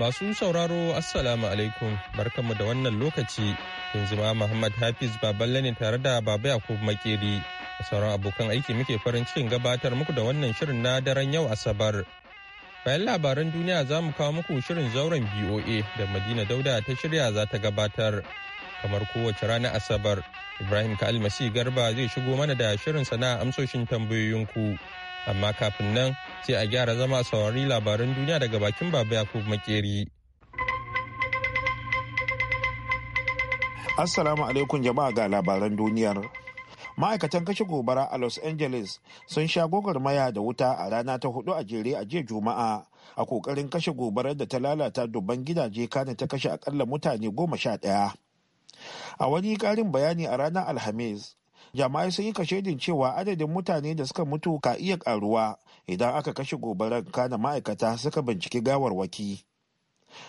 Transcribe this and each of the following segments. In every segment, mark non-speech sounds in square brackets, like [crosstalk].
Masu sauraro Assalamu alaikum barkanmu da wannan lokaci yanzu ma Muhammad Hafiz Baballe ne tare da Baba Yakub Makeri A sauran abokan aiki muke farin cikin gabatar muku da wannan shirin na daren yau Asabar. Bayan labaran duniya za mu kawo muku shirin zauren BOA da Madina Dauda ta shirya za ta gabatar. Kamar kowace rana Asabar, Ibrahim Ka'almasi Garba zai shigo mana da shirin sana amsoshin tambayoyinku. amma kafin nan sai a gyara zama saurari labaran duniya daga bakin baba yakub makeri assalamu alaikum jama'a ga labaran duniyar ma'aikatan kashe gobara a los angeles sun sha maya da wuta a rana ta hudu a jere a jiya juma'a a kokarin kashe gobarar da ta lalata dubban gidaje kana ta kashe akalla mutane goma sha ɗaya a wani karin bayani a ranar alhamis jama'ai sun yi kashedin cewa adadin mutane da suka mutu ka iya karuwa idan aka kashe gobarar kana ma'aikata suka binciki gawarwaki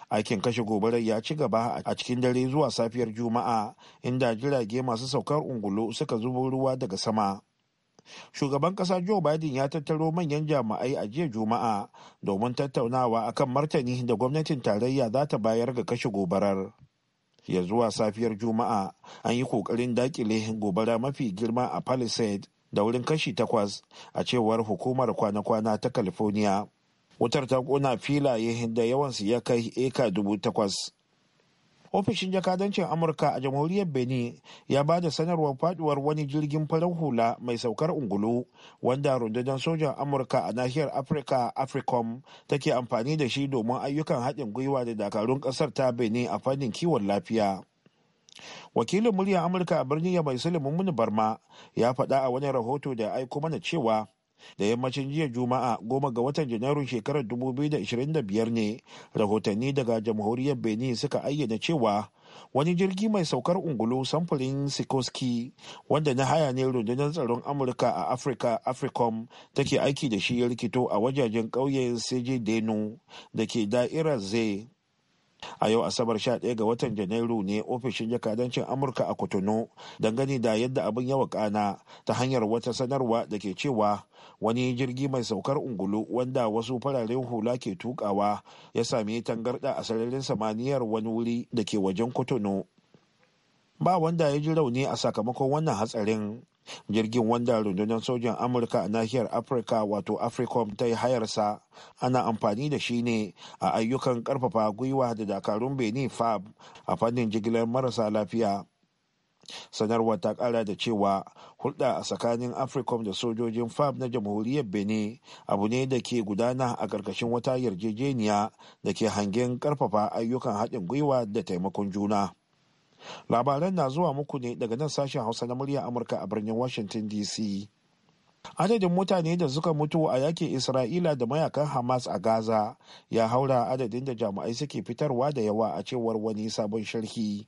aikin kashe gobarar ya ci gaba a cikin dare zuwa safiyar juma'a inda jirage masu saukar ungulu suka zubo ruwa daga sama shugaban kasa joe biden ya tattaro manyan jama'ai a jiya juma'a domin tattaunawa akan martani da gwamnatin tarayya za ta bayar ga kashe gobarar ya zuwa safiyar juma'a an yi kokarin dakile gobara mafi girma a palisade da wurin kashi takwas a cewar hukumar kwana-kwana ta california wutar ta kona filaye da yawansu ya kai eka dubu takwas ofishin jakadancin amurka a jamhuriyar benin ya ba da sanarwar faduwar wani jirgin farar hula mai saukar ungulu wanda rundunar sojan amurka a nahiyar afirka africom take amfani da shi domin ayyukan haɗin gwiwa da dakarun ƙasar ta benin a fannin kiwon lafiya wakilin muryar amurka a birnin yamai sulemin barma ya faɗa a wani rahoto da aiko mana cewa da yammacin jiya juma'a goma ga watan janairun shekarar 2025 ne rahotanni daga jamhuriyar benin suka ayyana cewa wani jirgi mai saukar ungulu samfurin sikoski wanda na haya ne rundunar tsaron amurka a afirka africom take aiki da shi ya rikito a wajajen ƙauyen seje denu da ke da'irar zai a yau asabar 11 ga watan janairu ne ofishin jakadancin amurka a kotonu dangane da yadda abin yawa ƙana ta hanyar wata sanarwa da ke cewa wani jirgi mai saukar ungulu wanda wasu fararen hula ke tukawa ya sami tangarda a sararin samaniyar wani wuri da ke wajen kotonu ba wanda ya ji rauni a sakamakon wannan hatsarin jirgin wanda rundunar sojan amurka a nahiyar afirka wato africom ta yi hayarsa ana amfani da shi ne a ayyukan karfafa gwiwa da dakarun benin fab a fannin jigilar marasa lafiya sanarwar ta kara da cewa hulɗa a tsakanin africom da sojojin fab na jamhuriyar benin abu ne da ke gudana a ƙarƙashin wata yarjejeniya da ke hangen ƙarfafa ayyukan haɗin gwiwa da taimakon juna labaran na zuwa muku ne daga nan sashen hausa na murya amurka a birnin washington dc adadin mutane da suka mutu a yakin isra'ila da mayakan hamas a gaza ya haura adadin da jami'ai suke fitarwa da yawa a cewar wani sabon sharhi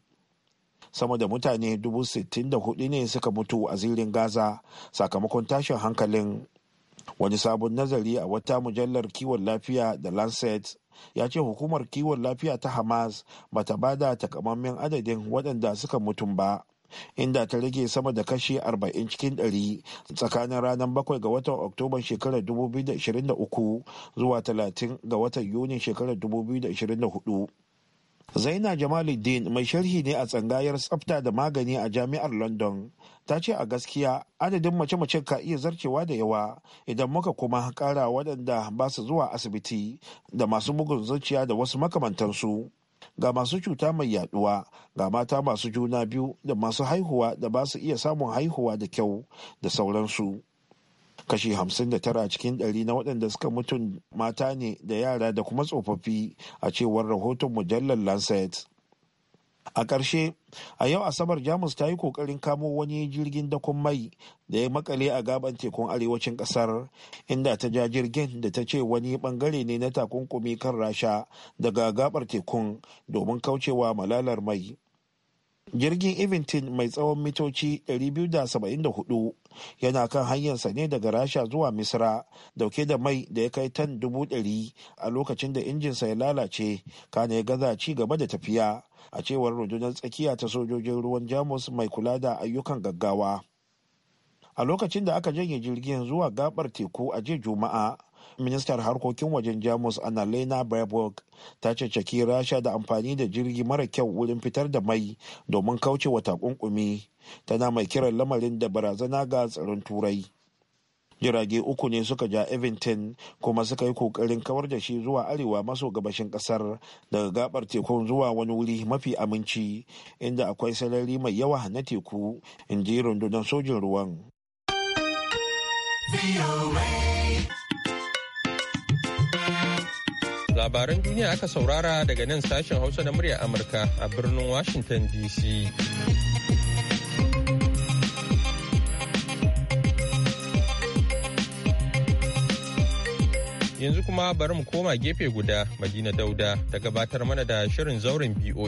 sama da mutane dubu sittin da hudu ne suka mutu a zirin gaza sakamakon tashin hankalin wani sabon nazari a wata mujallar kiwon lafiya da lancet ya ce hukumar kiwon lafiya ta hamas bata bada takamammen adadin waɗanda suka mutum ba inda ta rage sama da kashi 40 cikin 100 tsakanin ranar 7 ga watan oktoba shekarar 2023 zuwa 30 ga watan yunin shekarar 2024 zaina jamaluddin mai sharhi ne a tsangayar tsafta da magani a jami'ar london ta ce a gaskiya adadin mace-mace ka iya zarcewa da yawa idan muka kuma kara waɗanda ba su zuwa asibiti da masu bugun zuciya da wasu makamantansu ga masu cuta mai yaduwa ga mata masu juna biyu da masu haihuwa da ba su iya samun haihuwa da kyau da sauransu kashi 59 cikin ɗari na waɗanda suka mutu mata ne da yara da kuma tsofaffi a cewar rahoton mujallar lancet a ƙarshe a yau asabar jamus ta yi ƙoƙarin kamo wani jirgin dakon mai da ya makale a gaban tekun arewacin ƙasar inda ta ja jirgin da ta ce wani ɓangare ne na takunkumi kan rasha daga gabar tekun domin kaucewa malalar mai jirgin eventin mai tsawon mitoci 274 yana kan hanyarsa ne daga rasha zuwa misra dauke da mai da ya kai tan dubu ɗari a lokacin da injinsa ya lalace kana ya gaza ci gaba da tafiya a cewar rundunar tsakiya ta sojojin ruwan jamus mai kula da ayyukan gaggawa a lokacin da aka janye jirgin zuwa gabar teku a jiya juma'a ministar harkokin wajen jamus annalena baerbock ta caccaki rasha da amfani da jirgi mara kyau wurin fitar da mai domin kauce wa takunkumi tana mai kiran lamarin da barazana ga tsaron turai jirage uku ne suka ja eventin kuma suka yi kokarin kawar da shi zuwa arewa maso gabashin kasar daga gabar tekun zuwa wani wuri mafi aminci inda akwai sarari mai yawa na teku in ji rundunar sojin ruwan. labaran duniya aka saurara daga nan sashen hausa na murya amurka a birnin washington dc yanzu kuma bari mu koma gefe guda madina dauda ta gabatar mana da shirin zauren boa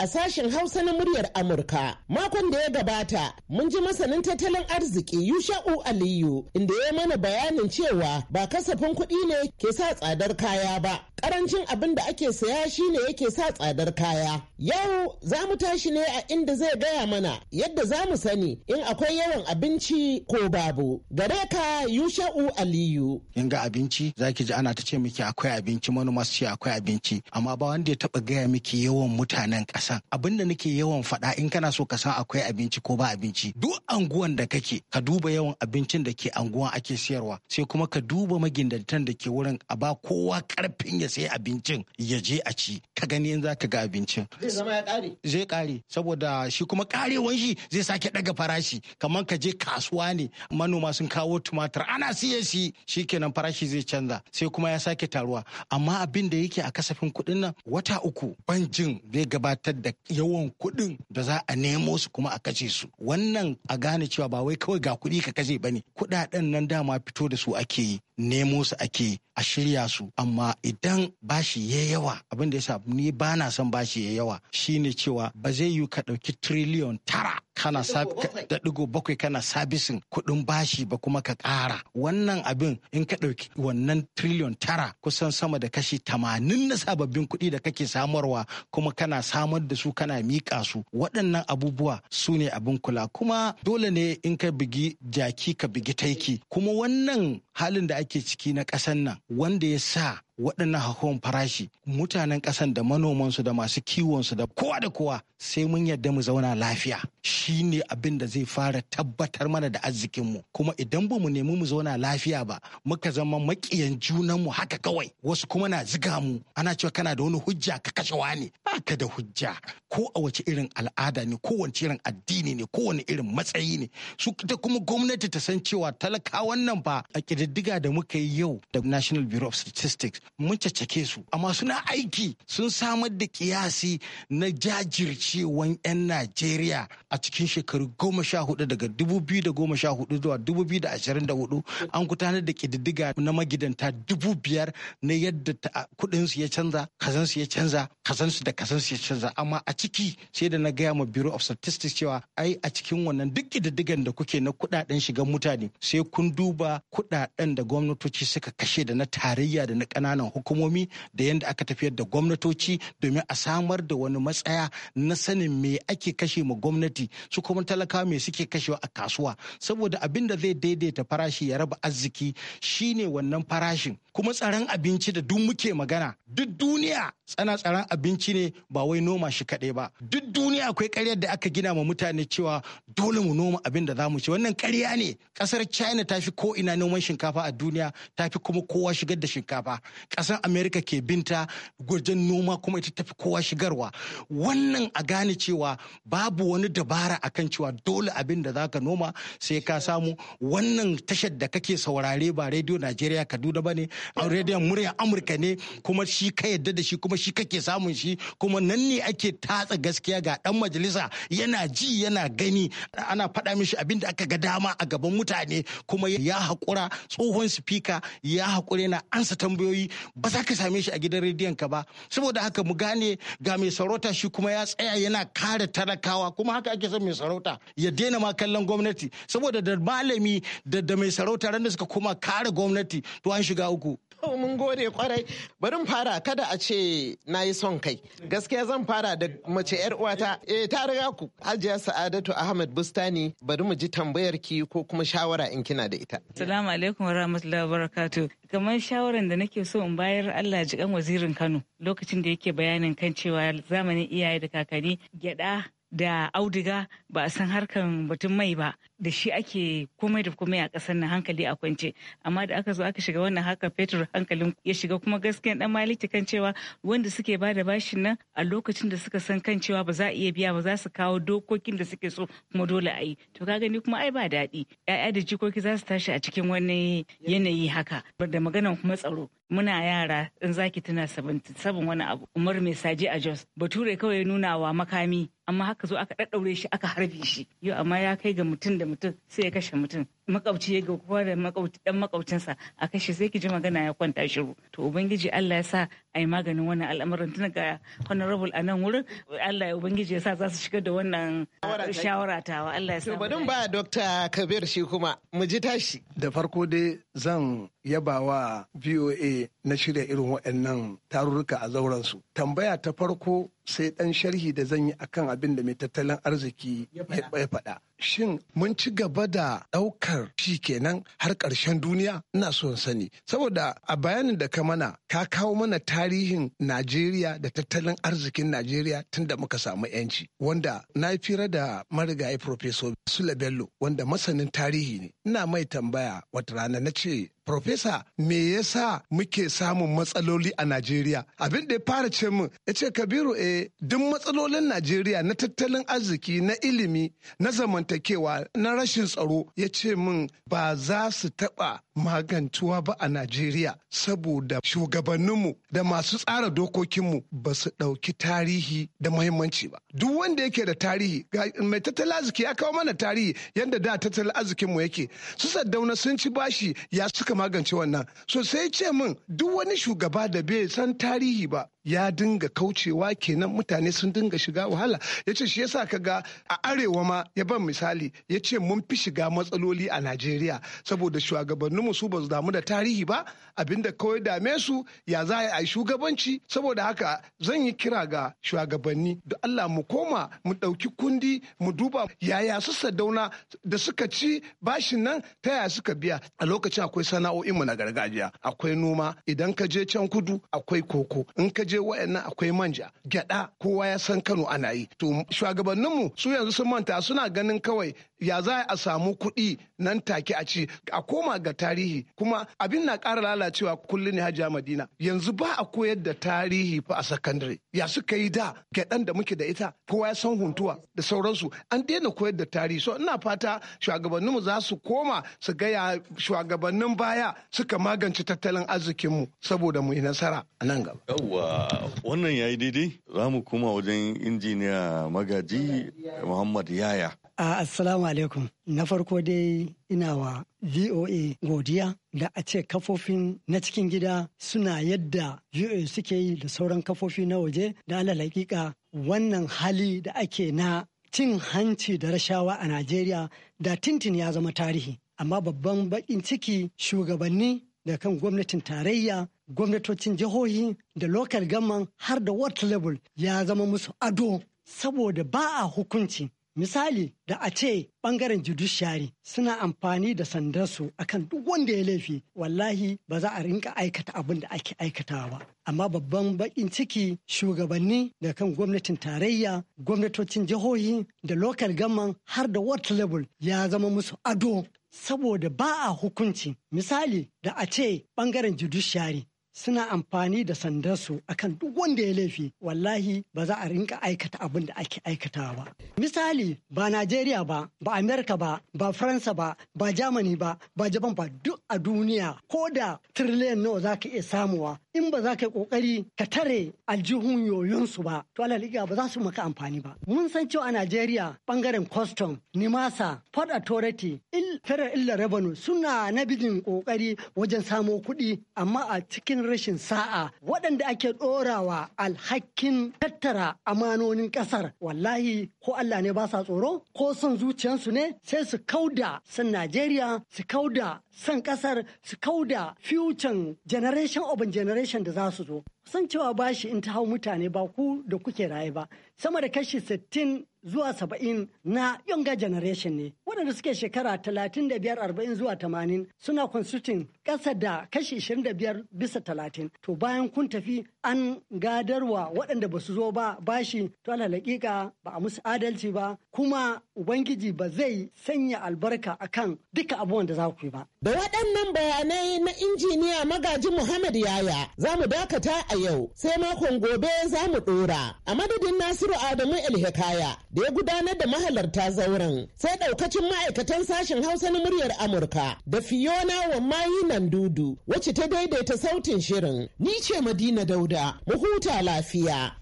a sashen Hausa na muryar Amurka. Makon da ya gabata mun ji masanin tattalin arziki Yusha'u Aliyu inda ya mana bayanin cewa ba kasafin kuɗi ne ke sa tsadar kaya ba. karancin abin da ake saya shine yake sa tsadar kaya. Yau za mu tashi ne a inda zai gaya mana yadda za mu sani in akwai yawan abinci ko babu. Gare ka Yusha'u Aliyu. In ga abinci za ki ji ana ta ce miki akwai abinci manoma su ce akwai abinci amma ba wanda ya taba gaya miki yawan mutanen kasan. Abin da nake yawan faɗa in kana so ka san akwai abinci ko ba abinci. Duk anguwan da kake ka duba yawan abincin da ke anguwan ake siyarwa sai kuma ka duba magindantan da ke wurin a ba kowa karfin ya ya sai abincin ya je a ci ka gani in zaka ga abincin zai zama ya kare zai kare saboda shi kuma karewan shi zai sake daga farashi kamar ka je kasuwa ne manoma sun kawo tumatir ana siye shi shikenan farashi zai canza sai kuma ya sake taruwa amma abin da yake a kasafin kuɗin nan wata uku banjin zai gabatar da yawan kuɗin da za a nemo su kuma a kashe su wannan a gane cewa ba wai kawai ga kuɗi ka kashe ne. kuɗaɗen nan dama fito da su ake yi nemo su ake a shirya su amma idan bashi ya yawa abin da ya sa ni ba na son bashi ya yawa shine cewa ba zai yi ka ɗauki triliyon tara kana da digo bakwai kana sabisin kuɗin bashi ba kuma ka ƙara wannan abin in ka ɗauki wannan triliyon tara kusan sama da kashi tamanin na sababbin kuɗi da kake samarwa kuma kana samar da su kana miƙa su waɗannan abubuwa su ne abin kula kuma dole ne in ka bigi jaki ka bigi taiki kuma wannan halin da ake ake ciki na ƙasan nan wanda ya sa waɗannan hakon farashi mutanen ƙasan da manomansu da masu kiwonsu da kowa da kowa sai mun yarda mu zauna lafiya shi ne abin da zai fara tabbatar mana da arzikinmu kuma idan ba mu nemi mu zauna lafiya ba muka zama maƙiyan junanmu haka kawai wasu kuma na ziga mu ana cewa kana da wani hujja ka kashe wani baka da hujja ko a wace irin al'ada ne ko wace irin addini ne ko wani irin matsayi ne su ta kuma gwamnati ta san cewa talakawan wannan fa a ƙididdiga da muka yi yau da National Bureau of Statistics mun caccake su amma suna aiki sun samar da kiyasi na jajircewan 'yan najeriya a cikin shekaru goma sha hudu daga dubu biyu da goma sha hudu zuwa dubu biyu da ashirin da hudu an gudanar da kididdiga na magidanta dubu biyar na yadda su ya canza kazan su ya canza kazan su da kazan su ya canza amma a ciki sai da na gaya ma bureau of statistics cewa ai a cikin wannan duk kididdigan da kuke na kudaden shigan mutane sai kun duba kudaden da gwamnatoci suka kashe da na tarayya da na ƙanana. ƙananan hukumomi da yadda aka tafiyar da gwamnatoci domin a samar da wani matsaya na sanin me ake kashe ma gwamnati su kuma talakawa me suke kashewa a kasuwa saboda abin da zai daidaita farashi ya raba arziki shine wannan farashin kuma tsaron abinci da duk muke magana duk duniya tsana tsaron abinci ne ba wai noma shi kaɗai ba duk duniya akwai karyar da aka gina ma mutane cewa dole mu noma abin da zamu ci wannan karya ne Kasar china ta fi ko ina noman shinkafa a duniya ta fi kuma kowa shigar da shinkafa ƙasar america ke binta gurjen noma kuma ita ta fi kowa shigarwa wannan a gane cewa babu wani dabara a kan cewa dole abin da zaka noma sai ka samu wannan tashar da kake saurare ba rediyo najeriya kaduna ba ne rediyon murya amurka ne kuma shi ka yadda da shi kuma shi kake samun shi kuma nan ne ake tatsa gaskiya ga dan majalisa yana ji yana gani ana faɗa mishi abin da aka ga dama a gaban mutane kuma ya haƙura tsohon sifika ya haƙura yana ansa tambayoyi ba za ka same shi a gidan rediyon ka ba saboda haka mu gane ga mai sarauta shi kuma ya tsaya yana kare talakawa kuma haka ake son mai sarauta ya daina ma kallon gwamnati saboda da malami da mai sarauta ran da suka koma kare gwamnati to an shiga uku [laughs] mun gode kwarai. Bari fara kada a ce na yi son kai. Gaskiya zan fara da mace yar uwata. Eh ta riga ku. Hajiya Sa'adatu Ahmad Bustani bari mu ji tambayar ki ko kuma shawara in kina da ita. Assalamu alaikum wa rahmatullahi wa barakatuh. Kamar shawaran da nake so in bayar Allah jikan wazirin Kano lokacin da yake bayanin kan cewa zamanin iyaye da kakanni gyada da auduga ba a san harkan batun mai ba da shi ake komai da komai a ƙasar na hankali a kwance amma da aka zo aka shiga wannan haka fetur hankalin ya shiga kuma gaskiya dan maliki kan cewa wanda suke ba da bashin nan a lokacin da suka san kan cewa ba za a iya biya ba za su kawo dokokin da suke so kuma dole a yi to ka gani kuma ai ba daɗi ya'ya da jikoki za su tashi a cikin wani yanayi haka da maganan kuma tsaro muna yara in zaki tana sabon wani abu umar mai saji a jos bature kawai nuna wa makami amma haka zo aka ɗaɗɗaure shi aka harbe shi yau amma ya kai ga mutum da mutum sai ya kashe mutum makauci ya kowa da dan makaucinsa a kashe sai ki ji magana ya kwanta shiru to ubangiji Allah ya sa a yi maganin wannan al'amarin tun ga honorable a nan wurin Allah ya ubangiji ya sa za su shiga da wannan shawara wa Allah ya sa. ba Dr. Kabir shi kuma mu ji tashi. Da farko dai zan yabawa wa VOA na shirya irin waɗannan tarurruka a zauren su. Tambaya ta farko sai ɗan sharhi da zan yi akan abin da mai tattalin arziki ya faɗa. Shin mun ci gaba da ɗaukar shi kenan har ƙarshen duniya? Ina son sani. Saboda a bayanin da ka mana ka kawo mana tarihi tarihin Najeriya da tattalin arzikin Najeriya tun da muka samu 'yanci. Wanda na fira da marigayi Profesor Sule Bello wanda masanin tarihi ne. Ina mai tambaya wata rana na ce Profesa, me yasa muke samun matsaloli a Najeriya? Abin da ya fara ce min, ya ce Kabiru eh duk matsalolin Najeriya na tattalin arziki, na ilimi, na zamantakewa, na rashin tsaro, ya ce mun ba za su taɓa magantuwa ba a Najeriya saboda shugabanninmu da masu tsara dokokinmu ba su ɗauki tarihi da muhimmanci ba. Duk wanda yake da tarihi, mai tattalin arziki ya kawo mana tarihi yadda da tattalin arzikinmu yake. Su Saddauna sun ci bashi ya suka magance wannan so sai ce min duk wani shugaba da bai san tarihi ba ya dinga kaucewa kenan mutane sun dinga shiga wahala ya ce shi yasa ga a arewa ma ya ban misali ya ce mun fi shiga matsaloli a najeriya saboda shugabanninmu su ba su damu da tarihi ba abinda kawai dame su ya za a yi shugabanci saboda haka zan yi kira ga shugabanni da allah mu koma mu ɗauki kundi mu duba yaya su sadauna da suka ci bashin nan ta yaya suka biya a lokacin akwai mu na gargajiya akwai noma idan ka je can kudu akwai koko in ka je waje wa'annan akwai manja gyada kowa ya san Kano ana yi to shugabanninmu su yanzu sun manta suna ganin kawai ya za a samu kuɗi nan take a ci a koma ga tarihi kuma abin na ƙara lalacewa kullum ne hajiya madina yanzu ba a koyar da tarihi fa a sakandare ya suka yi da gyaɗan da muke da ita kowa ya san huntuwa da sauransu an daina koyar da tarihi so ina fata shugabanninmu za su koma su gaya shugabannin baya suka magance tattalin arzikinmu saboda mu yi nasara a nan gaba. yawwa wannan yayi daidai za mu koma wajen injiniya magaji muhammad yaya A'a, assalamu alaikum. Na farko dai ina wa VOA godiya da a ce kafofin na cikin gida suna yadda VOA suke yi da sauran kafofi na waje da alal hakika wannan hali da ake na cin hanci da rashawa a Najeriya da tintin ya zama tarihi. Amma babban baƙin ciki shugabanni da kan gwamnatin tarayya gwamnatocin jihohi da local government har da what level ya zama musu ado saboda ba a hukunci Misali da a ce bangaren judiciary suna amfani da sandarsu akan duk wanda ya laifi wallahi ba za a rinka aikata abin da ake aikatawa ba. Amma babban bakin ciki shugabanni da kan gwamnatin tarayya, gwamnatocin jihohi da local gaman har da what level ya zama musu ado saboda ba a hukunci misali da a ce bangaren judiciary suna amfani da sandarsu akan duk wanda ya laifi wallahi ba za a rinka aikata abin da ake aikatawa ba misali ba najeriya ba ba amerika ba ba faransa ba ba Jamani ba ba japan ba duk a duniya ko da tiriliyan nawa za ka iya samuwa in ba za ka yi kokari ka tare aljihun yoyonsu ba to alaliga ba za su maka amfani ba mun san cewa a Najeriya bangaren custom nimasa port authority il federal illa revenue suna na bijin kokari wajen samo kuɗi amma a cikin rashin sa'a waɗanda ake ɗorawa alhakin tattara amanonin ƙasar wallahi ko Allah ne ba sa tsoro ko son zuciyarsu ne sai su kauda san Najeriya su kauda san ƙasar su kauda future generation of generation 出现自十多，san cewa bashi in ta hau mutane ba ku da kuke raye ba sama da kashi 60 zuwa 70 na younger generation ne waɗanda suke shekara 35-40 zuwa 80 suna constituting ƙasa da kashi 25 bisa 30 to bayan kun tafi an gadarwa waɗanda ba su zo ba bashi to alhalaƙiƙa ba a musu adalci ba kuma ubangiji ba zai sanya albarka akan duka abubuwan da za ku yi ba da waɗannan bayanai na injiniya magaji muhammad yaya za mu dakata a yau sai makon gobe za mu ɗora. A madadin Nasiru Adamu Elhikaya da ya gudanar da mahalarta zauren sai ɗaukacin ma'aikatan sashen Hausa na muryar Amurka da Fiona nan Nandudu wacce ta daidaita sautin shirin. Ni ce Madina Dauda, mu huta lafiya.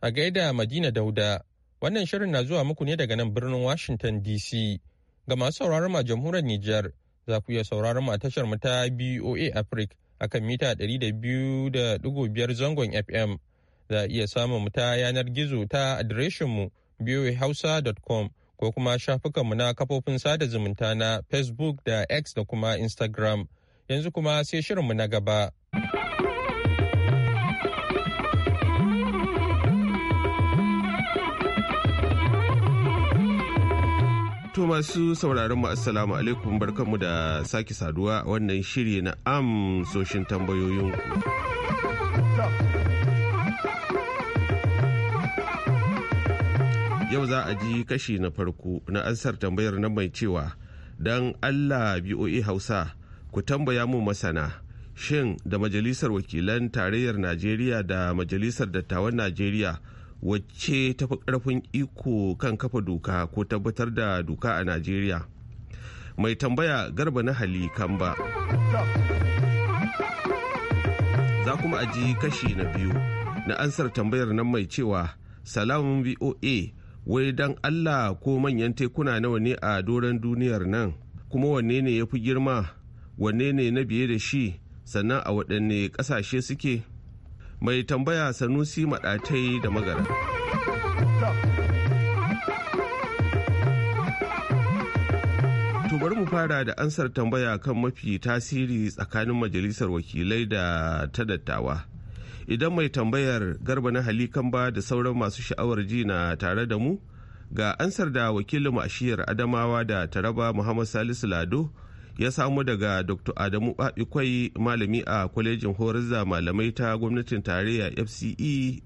A gaida Madina Dauda, wannan shirin na zuwa muku ne daga nan birnin Washington DC. Ga masu sauraron ma jamhuriyar Nijar za ku iya sauraron ma tashar mu ta BOA Africa akan mita 200.5 zangon FM. Za iya samun mu ta yanar gizo ta adireshin mu boahausa.com ko kuma shafukanmu na kafofin sada zumunta na Facebook da X da kuma Instagram. Yanzu kuma sai shirinmu na gaba. To masu sauraron mu assalamu alaikum barkanmu da sake saduwa wannan shiri na amsoshin ku Yau za a ji kashi na farko na ansar tambayar nan mai cewa don Allah BOE Hausa ku tambaya mu masana shin da Majalisar Wakilan Tarayyar Najeriya da Majalisar Dattawan Najeriya wacce ta fi ƙarfin iko kan kafa doka ko tabbatar da doka a najeriya mai tambaya garba na hali kamba za kuma aji kashi na biyu na ansar tambayar nan mai cewa salamun voa wai don allah ko manyan tekuna nawa ne a doron duniyar nan kuma wanne ne ya fi girma wanne ne na biye da shi sannan a waɗanne ƙasashe suke mai tambaya sanusi maɗatai da magana. bari mu fara da ansar tambaya kan mafi tasiri tsakanin majalisar wakilai da ta dattawa idan mai tambayar garba na halikan da sauran masu sha'awar ji na tare da mu ga ansar da wakilin ashiyar adamawa da taraba muhammad salisu lado ya samu daga dr adamu ɓaɓikwai malami a kwalejin horar malamai ta gwamnatin tarayya fce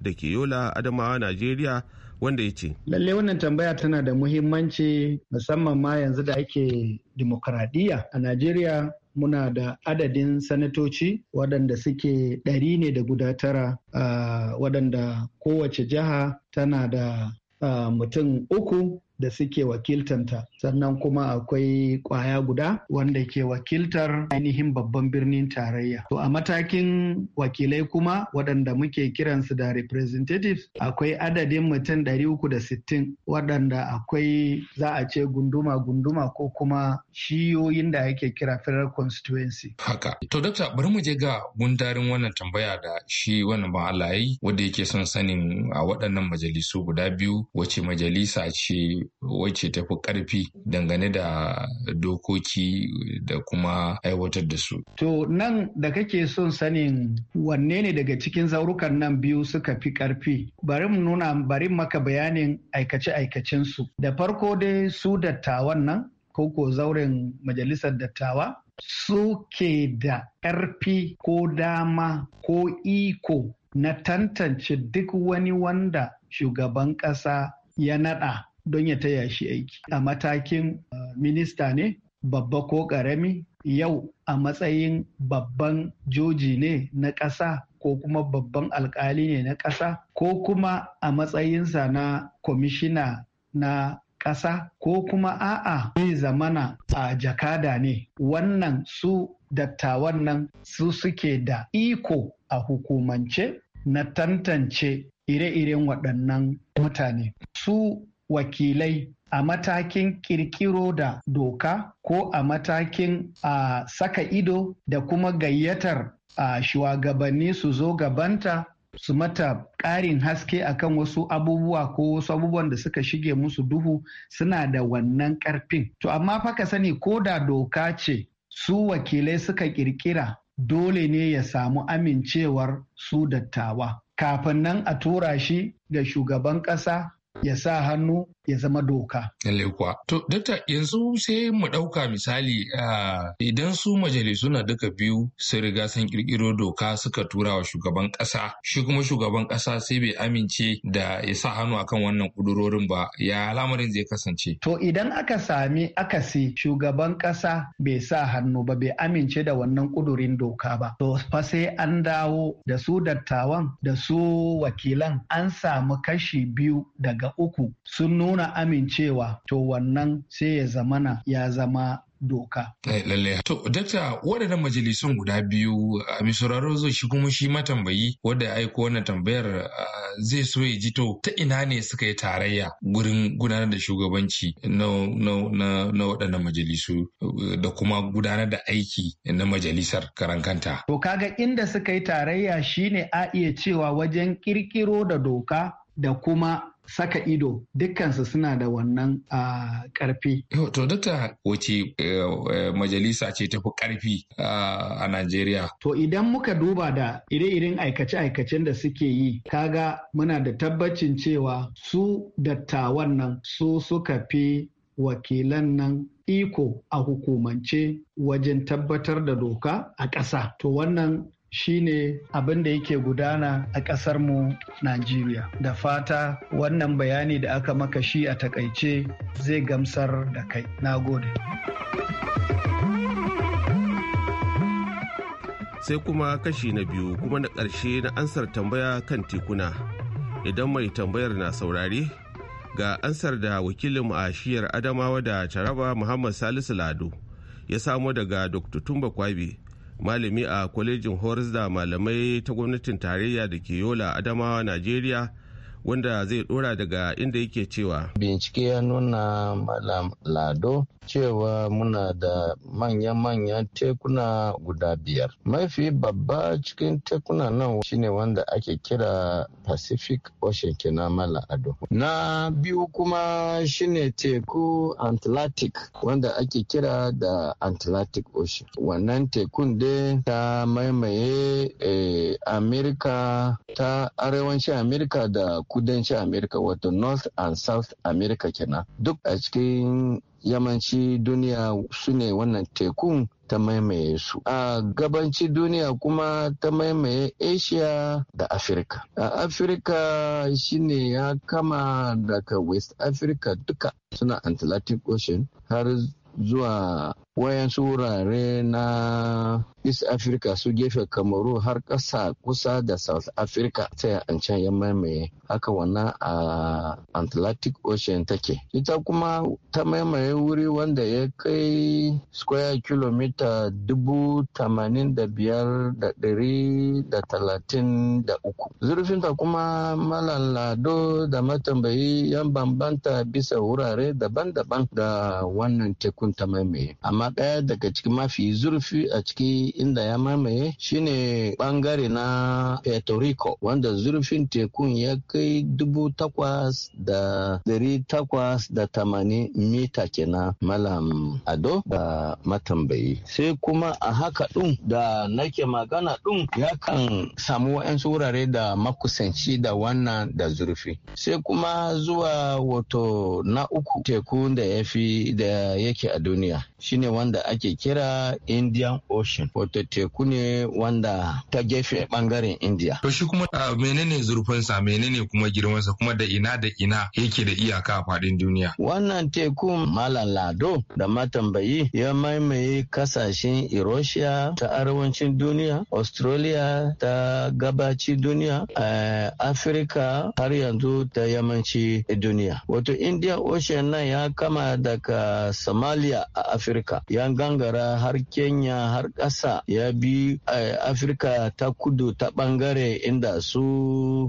da ke yola adamawa najeriya wanda ya ce lalle wannan tambaya tana da muhimmanci musamman ma yanzu da ake dimokuraɗiyya a najeriya muna da adadin sanatoci waɗanda suke ɗari ne da guda tara uh, waɗanda kowace jiha tana da uh, mutum uku da suke wakiltanta sannan kuma akwai kwaya guda wanda ke wakiltar ainihin babban birnin tarayya to a matakin wakilai kuma waɗanda muke kiransu da representatives akwai adadin mutum 360 waɗanda akwai za a ce gunduma-gunduma ko kuma shiyoyin da ake kira federal constituency haka to dokta bari mu je ga gundarin wannan tambaya da shi wannan ban Allah wanda yake son sanin a waɗannan majalisu guda biyu wace majalisa ce wacce ta fi ƙarfi dangane da dokoki da kuma aiwatar da su. To nan da kake son sanin wanne ne daga cikin zaurukan nan biyu suka fi ƙarfi bari mu nuna bari maka bayanin aikace-aikacen Da farko dai su dattawan nan ko ko zauren majalisar dattawa suke da ƙarfi ko dama ko iko na tantance duk wani wanda shugaban ƙasa ya naɗa don ya taya shi aiki a matakin eh, minista ne babba ko ƙarami yau a matsayin babban joji ne na ƙasa ko kuma babban alkali ne na ƙasa ko kuma a matsayinsa na kwamishina na ƙasa ko kuma a'a zai zamana a jakada ne wannan su dattawan nan su suke da iko a hukumance na tantance ire-iren waɗannan mutane su wakilai a matakin kirkiro da doka ko a matakin a saka ido da kuma gayyatar a shugabanni su zo gabanta su mata ƙarin haske akan wasu abubuwa ko wasu abubuwan da suka shige musu duhu suna da wannan ƙarfin. To amma faka sani ko da doka ce su wakilai suka ƙirƙira dole ne ya samu amincewar su dattawa. Kafin nan a tura shi ga shugaban ƙasa ya sa hannu ya zama doka. Lalle kuwa. To, Dokta, yanzu sai mu ɗauka misali idan su majalisu na duka biyu sun riga sun ƙirƙiro doka suka tura wa shugaban ƙasa, shi kuma shugaban ƙasa sai bai amince da ya sa hannu akan wannan ƙudurorin ba, ya lamarin zai kasance. To, idan aka sami akasi shugaban ƙasa bai sa hannu ba, bai amince da wannan ƙudurin doka ba. To, fa sai an dawo da su dattawan da su wakilan an samu kashi biyu daga uku sun nuna nuna amincewa to wannan sai ya zamana ya zama doka. Eh, Lallai. To, dakta waɗannan majalisun guda biyu a misurar zai shi kuma shi matambayi wadda ya aiko wannan tambayar zai so ya ji to ta ina ne suka yi tarayya gurin gudanar da shugabanci na waɗannan majalisu da kuma gudanar da aiki na majalisar karan kanta. To kaga inda suka yi tarayya shine a iya cewa wajen kirkiro da doka da kuma saka ido dukkansu suna da wannan karfi. To dukta wace eh, eh, majalisa ce tafi karfi a Najeriya? To idan muka duba da ire-iren aikace-aikacen da suke yi, kaga muna da tabbacin cewa su dattawan nan su suka fi wakilan nan iko a hukumance wajen tabbatar da doka a ƙasa. To wannan shine abin da yake gudana a ƙasar mu Najeriya. Da fata wannan bayani da aka maka shi a takaice zai gamsar da kai. Na gode. Sai kuma kashi na biyu kuma na ƙarshe na ansar tambaya kan tekuna. Idan mai tambayar na saurare ga ansar da wakilin a shiyar Adamawa da Taraba Muhammad Salisu Lado ya samo daga Dr. Tumba Kwabe. malami a kwalejin horis da malamai ta gwamnatin tarayya da ke yola adamawa najeriya wanda zai dora daga inda yake cewa bincike ya nuna malam lado cewa muna da manya-manyan tekuna guda biyar mafi babba cikin tekuna nan shine wanda ake kira pacific ocean kenan mala ado na biyu kuma shine teku atlantic wanda ake kira da atlantic ocean wannan tekun dai ta maimaye eh, amerika ta arewacin amerika da kudancin Amerika, wato north and south america kenan duk a cikin yamanci duniya su ne wannan tekun ta maimaye su a gabanci duniya kuma ta maimaye asia da afirka a afirka shi ne ya kama daga west africa duka suna atlantic ocean har zuwa wayansu wurare na east africa su gefe kamaru har kasa kusa da south africa sai an can ya maimaye haka wannan a atlantic ocean take ita kuma ta maimaye wuri wanda ya kai square kilomita dubu tamanin da biyar da ɗari da talatin da uku zurfinta kuma malalado da matambayi yan bambanta bisa wurare daban-daban da wannan tekun ta maimaye amma amma ɗaya daga ciki mafi zurfi a ciki inda ya mamaye shine bangare na Puerto Rico wanda zurfin tekun ya kai dubu takwas da dari takwas da tamanin mita kenan malam ado da matambayi sai kuma a haka ɗin da nake magana ɗin ya kan samu wa'yansu wurare da makusanci da wannan da zurfi sai kuma zuwa wato na uku tekun da ya fi da yake a duniya shine wanda ake kira Indian Ocean wato teku ne wanda ta gefe bangaren India. To shi kuma ah, menene zurfinsa menene kuma girmansa kuma da ina da ina yake da iyaka a faɗin duniya. Wannan tekun Malam Lado da matambayi ya maimaye kasashen Eurasia ta arewacin duniya, Australia ta gabaci duniya, eh, Afirka har yanzu ta yamanci duniya. Wato Indian Ocean nan ya kama daga Somalia a Afirka ya gangara har Kenya har ƙasa ya bi eh, Afirka ta kudu ta ɓangare inda su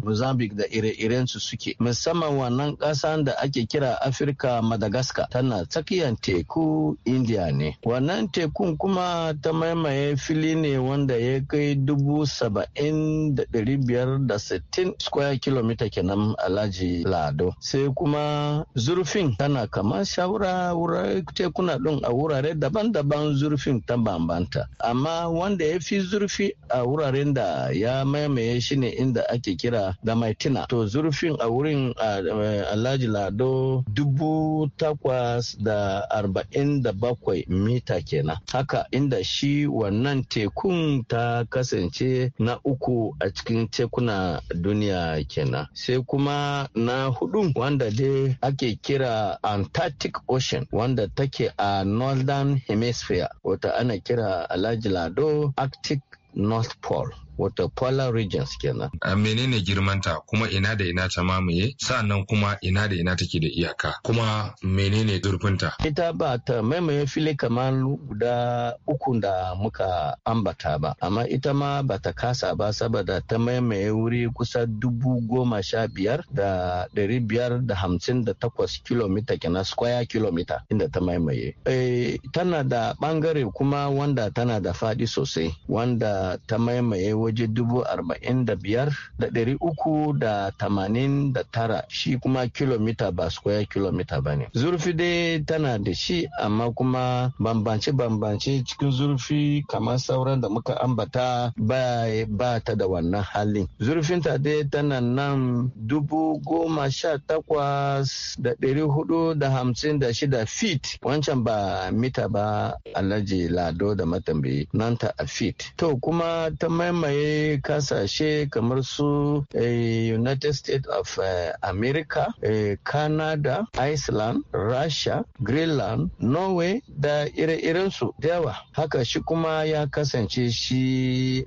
Mozambique da ire-irensu suke. Musamman wannan ƙasan da ake kira Afirka Madagascar tana tsakiyar teku India ne. Wannan tekun kuma ta maimaye fili ne wanda ya kai dubu saba'in da ɗari biyar da sittin square kilometer kenan Alhaji Lado. Sai kuma zurfin tana kamar shawara tekuna ɗin a wurare daban-daban zurfin ta bambanta amma wanda ya fi zurfi a wuraren da ya maimaye shi ne inda ake kira da maitina to zurfin a wurin alhaji lado dubu takwas da arba'in da bakwai mita kenan haka inda shi wannan tekun ta kasance na uku a cikin tekuna duniya kenan sai kuma na hudu wanda dai ake kira antarctic ocean wanda take a northern hemisphere wata ana kira alhaji lado arctic north pole wato polar regions kenan. A menene girmanta kuma ina da ina ta mamaye sa'annan kuma ina da ina take da iyaka kuma menene zurfinta? Ita ba ta maimaye fili kamar guda uku da muka ambata ba amma ita ma ba ta kasa ba saboda ta maimaye wuri kusa dubu goma sha biyar da dari biyar da hamsin da takwas kilomita kenan square kilomita inda ta maimaye. Eh, tana da bangare kuma wanda tana da faɗi sosai wanda ta maimaye waje dubu arba'in da biyar da ɗari uku da tamanin da tara shi kuma kilomita ba square kilomita ba ne zurfi dai tana da shi amma kuma bambance bambance cikin zurfi kamar sauran da muka ambata ba ba ta da wannan halin zurfinta dai tana nan dubu goma sha takwas da ɗari hudu da hamsin da shida feet wancan ba mita ba alhaji lado da nan nanta a feet to kuma ta maimai kiyaye kasashe kamar su eh, united states of eh, america eh, canada iceland russia greenland norway da ire-irensu da yawa haka shi kuma ya kasance shi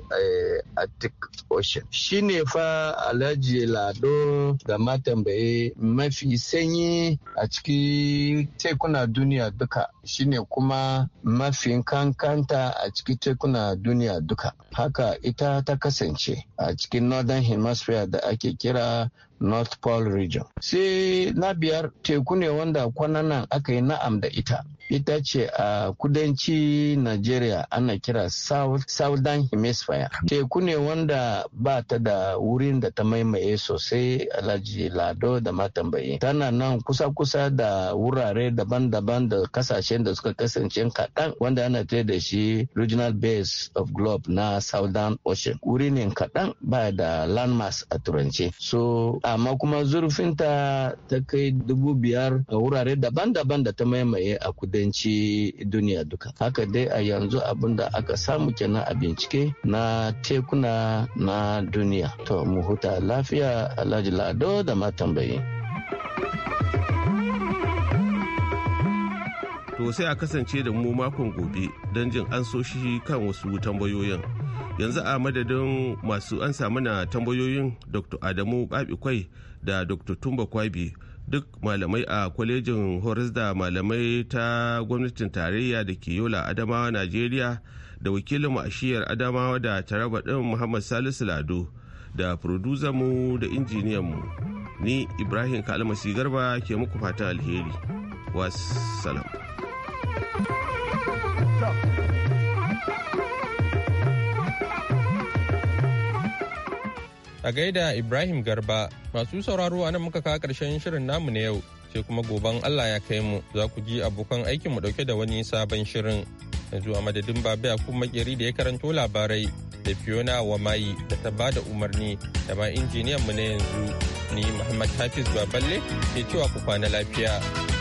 arctic ocean shi ne fa alhaji lado da bai mafi sanyi a cikin tekuna duniya duka shi ne kuma mafi kankanta a cikin tekuna duniya duka haka ita ta kasance a cikin northern hemisphere da ake kira north pole region sai na biyar teku ne wanda kwanan nan aka yi na'am da ita ita ce a kudanci nigeria ana kira south southern hemisphere teku ne wanda ba ta da wurin da ta maimaye sosai alhaji lado da matambayi tana nan kusa-kusa da wurare daban-daban da kasashen da suka kasance kaɗan wanda ana ta da shi regional base of globe na southern ocean wuri ne kaɗan ba da landmass a turanci. so amma kuma zurfinta ta kai dubu biyar a wurare daban-daban da ta maimaye a kudanci duniya duka haka dai a yanzu abin da aka samu kenan a bincike na tekuna na duniya to mu huta lafiya alhaji lado da ma tambayi to sai a kasance da mu makon gobe don jin an so shi kan wasu tambayoyin yanzu a madadin masu an samu na tambayoyin dr adamu babikwai da dr tumba kwabi duk malamai a kwalejin horis da malamai ta gwamnatin tarayya da ke yola adamawa najeriya da wakilin a shiyar adamawa da taraba din muhammad salisu lado da mu da mu ni ibrahim kalmasi garba ke muku fata alheri wassalam A gaida Ibrahim Garba masu sauraro a nan muka kawo ƙarshen shirin namu na yau sai kuma goben Allah ya kai mu za ku ji abokan aikin mu dauke da wani sabon shirin. Yanzu a madadin babu kuma makeri da ya karanto labarai da Fiona Wamayi da ta bada umarni da ma injiniyan mu na yanzu ni Muhammad Hafiz Baballe ke cewa ku kwana lafiya.